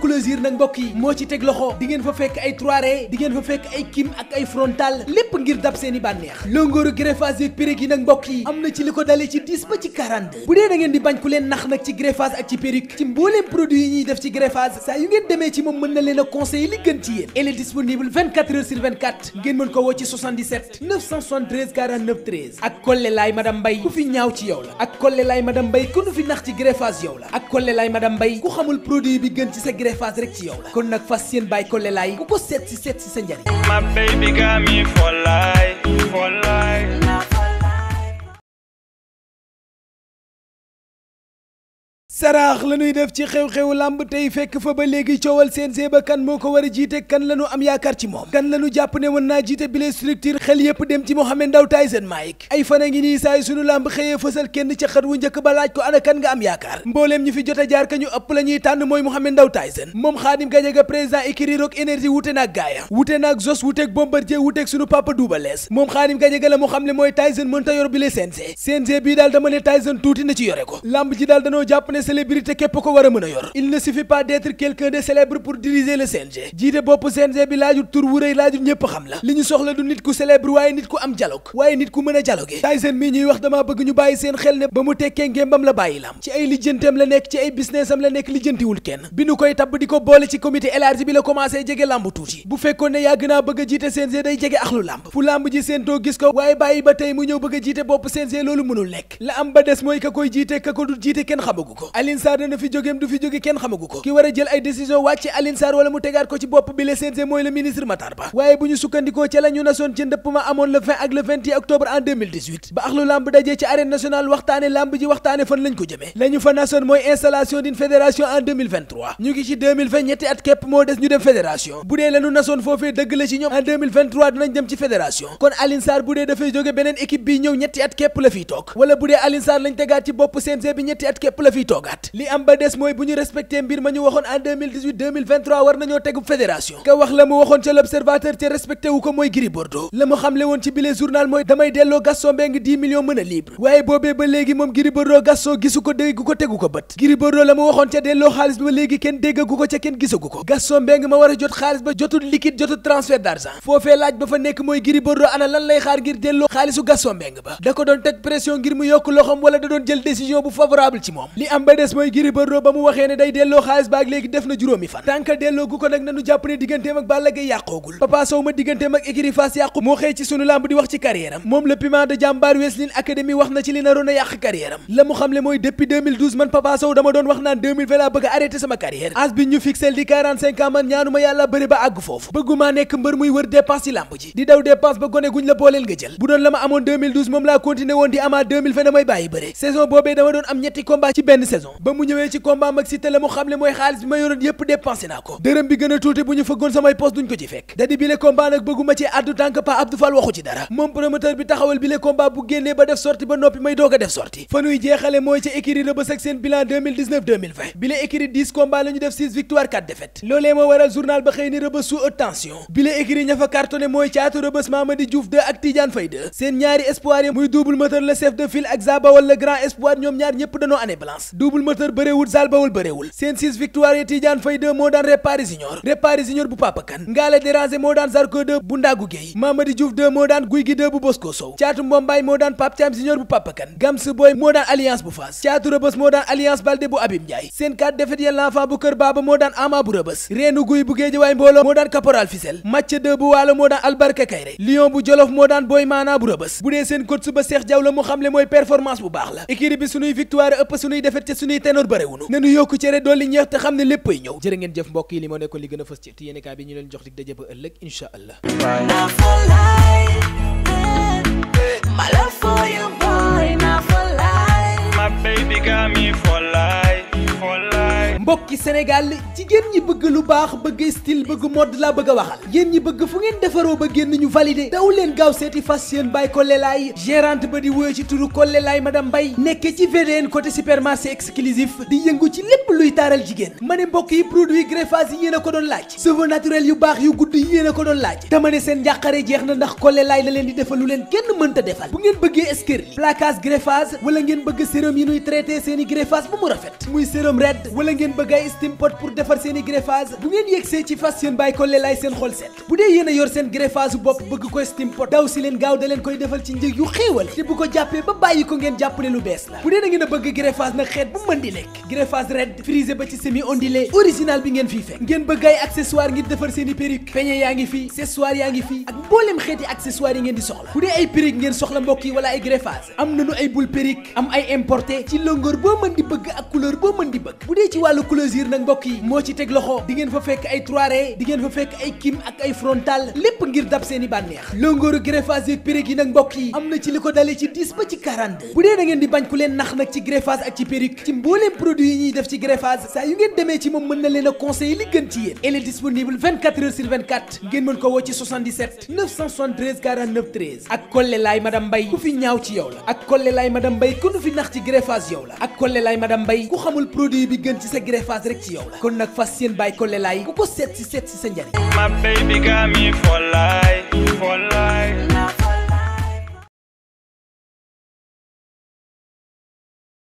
clôture nag mbokk yi moo ci teg loxo di ngeen fa fekk ay trois di ngeen fa fekk ay kim ak ay frontal lépp ngir dab seen bànneex longooru greffage yeeg périg yi nag mbokk yi am na ci li ko dalee ci 10 ba ci 42 bu dee da di bañ ku leen nax nag ci greffage ak ci périg ci mbooleem produit yi ñuy def ci greffage saa yu ngeen demee ci moom mën na leen a li gën ci yéen elle disponible ngeen mën ko woo ak Kolle laay madame Mbaye ku fi ñaaw Serigne ci yow kon nag fas yéen bàyyi ko lelaay ku ko seet si seet si sa njariñ. My baby got me for life, for saraax la ñuy def ci xew-xewu làmb tey fekk fa ba léegi coowal CNG ba kan moo ko war a jiite kan la ñu am yaakaar ci moom kan la ñu jàpp ne mën naa jiite bile structure xel yépp dem ci Mohamed Ndao Tyson Mike ay fan a ngi nii saay sunu làmb xëyee fësal kenn ca wu njëkk ba laaj ko ana kan nga am yaakaar mbooleem ñu fi jot a jaar ka ñu ëpp la ñuy tànn mooy Mohamed Ndao Tyson moom Khadim Gadiaga président écurie Rock Énergie wute naag gaaya wute yore ko benn célébrité képp ko war a mën a yor il ne suffit pas d'être quelqu'un de célèbre pour diriger le CNG jiite bopp CNG bi laaju tur wu rëy laaju ñépp xam la li ñu soxla du nit ku célèbre waaye nit ku am dialogue waaye nit ku mën a dialoguer Tyson mii ñuy wax damaa bëgg ñu bàyyi seen xel ne ba mu tekkee ngémbam la bàyyi lam ci ay lijjanteem la nekk ci am la nekk lijjantiwul kenn bi nu koy tab di ko boole ci comité élargi bi la commencé jege lamb tuuti bu fekkoon ne yàgg naa bëgg a jiite CNG day jege axlu lamb gis ko waaye bàyyi ba tey mu ñëw bëgg a bopp CNG loolu mënul nekk la am ba des mooy ka koy ko du jiite kenn xamagu ko Alioune Sarr dana fi jógeem du fi jóge kenn xamagu ko ki war a jël ay décision wàcc Alioune Sarr mu tegaat ko ci bopp bi le CNG mooy le ministre Matar Ba waaye bu ñu sukkandikoo ca la ñu nasoon ci ndëpp ma amoon le 20 ak le 21 octobre en 2018 ba axlu lamb dajee ci arène nationale waxtaane lamb ji waxtaane fan lañ ko jëmee la fa nasoon mooy installation d'une fédération en 2023 ñu ngi ci ñu dem ci dee dafay jóge ñetti at képp la fiy toog wala bu toogaat li am ba des mooy bu ñu respecté mbir ma ñu waxoon en 2018 2023 war nañoo tegub fédération ka wax la mu waxoon ca l'observateur ca respecté ko mooy Gris Bordeaux la mu xamle woon ci bile journal mooy damay delloo Gaston Mbengue 10 millions mën libre waaye boobee ba léegi moom Gris Bordeaux Gaston gisu ko déggu ko tegu ko bët Gris Bordeaux la mu waxoon ca delloo xaalis ba léegi kenn déggagu ko ca kenn gisagu ko Gaston Mbengue ma war a jot xaalis ba jotul liquide jotul laaj ba nekk mooy Gris lan lay xaar ngir delloo xaalisu Gaston Mbengue ba da ko doon teg pression ngir mu yokk loxoom moom li am ba des mooy Gris ba mu waxee ne day delloo xaalis ba ak léegi def na juróomi fan tànka delloo gu ko nag nanu jàpp ne digganteem ak Balla Gaye yàqoogul Papa ma digganteem ak écurie yàqu moo xëy ci sunu lamb di wax ci carrière moom le piment de Jambar Academy wax na ci li naroon a yàq carrière la mu xamle mooy depuis man Papa dama doon wax naan 2020 laa bëgg a arrêté sama carrière as ñu fixel di 45 ans man ñaanu ma yàlla saison ba mu ñëwee ci combat mag Siteu la mu xam le mooy xaalis bi ma yoroon yépp dépensé naa ko dërëm bi gën a tuuti bu ñu fëggoon samay poste duñ ko ci fekk da bile combat nag bëgguma ci àddu tànk pa Abdou waxu ci dara moom promoteur bi taxawal bile combat bu génnee ba def sorti ba noppi may doog a def sorti fa nuy jeexale mooy ci écurie Rebeuss ak seen bilan bile écurie 10 combat def 6 victoire 4 défaite loolee moo waral journal ba xëy ni Rebeuss sous haute tension bile écurie ña fa cartonné mooy double moteur bëreewul zal bawul bëreewul seen six victoire ya Tidiane Faye moo daan réparé junior réparé junior bu Papa Kane Ngaale Déranger moo daan Zarko 2 bu Ndagou Gueye Mamadi Diouf 2 moo daan Guy gi 2 bu Bosco Sow Caatu Mbombaay moo daan Pape Thiam junior bu Papa Kane Gams Boy moo daan Alliance bu Fass Caatu Rëbës moo daan Alliance Baldé bu Abim Ndiaye seen quatre défaites ya l'enfant bu Kër Baaba moo daan Ama bu Rëbës Reenu Guy bu Géejawaay ca suñuy ténor bëriwunu nanu yokku cere doolli ñeex te xam ne léppay ñëw jërë ngeen jëf mbokk yi li moo li gën a fës ci yéenekaay bi ñu leen jox dig daje ba ëllëg incha allah Sénégal jigéen ñi bëgg lu baax bëgg style bëgg mode laa bëgg a waxal yéen ñi bëgg fu ngeen defaroo ba génn ñu validé daw leen gaaw seeti fas fashion by Collé Laye gérante ba di woyo ci turu Collé Laye madame Mbaye nekk ci VDN côté supermarché exclusif di yëngu ci lépp luy taaral jigéen ma ne mbokk yi produit greffage yi yéen a ko doon laaj cheveux naturel yu baax yu gudd yéen a ko doon laaj dama ne seen njàqare jeex na ndax Collé laay la leen di defal lu leen kenn mënta defal bu ngeen bëggee escrie placage greffage wala ngeen bëgg sérum yi nuy traité seen i greffage ba mu rafet muy sérum red wala ngeen bëgg ay pour defar seen i bu ngeen yegsee ci fas yéen bàyyi Collé laay seen xol set bu dee yéen a yor seen greffage leen gaaw da koy defal ci njëg yu xéewal bu ko jàppee ko ngeen jàpp ne lu bees la bu dee a bëgg greffage bi ngeen fii fekk ngeen bëgg ay accessoire ngir defar seen i peñe yaa ngi fii accessoire yaa ngi fii ak mbooleem xeeti accessoire yi ngeen di soxla bu dee ay perruque ngeen soxla mbokk yi wala ay greffage am nañu ay boule perruque am ay importé ci longueur boo mën di bëgg ak couleur boo mën di bëgg bu dee ci wàllu closure nag mbokk yi moo ci teg loxo di fa fekk ay trois raies fa fekk ay kim ak ay frontal lépp ngir dab seen bànneex longooru da greffage saa yu ngeen demee ci moom mën na leen a li gën ci yéen elle est disponible 24 heures sur 24 ngeen mën ko woo ak Kolle laay madame Mbaye ku fi ñaaw ci yow la ak Kolle laay madame Mbaye ku fi nax ci greffage yow la ak Kolle laay madame Mbaye ku xamul produit bi gën ci sa greffage rek ci yow la kon nag fas yéen bàyyi Kolle ku ko seet si seet si sa njëriñ. My baby got me for life,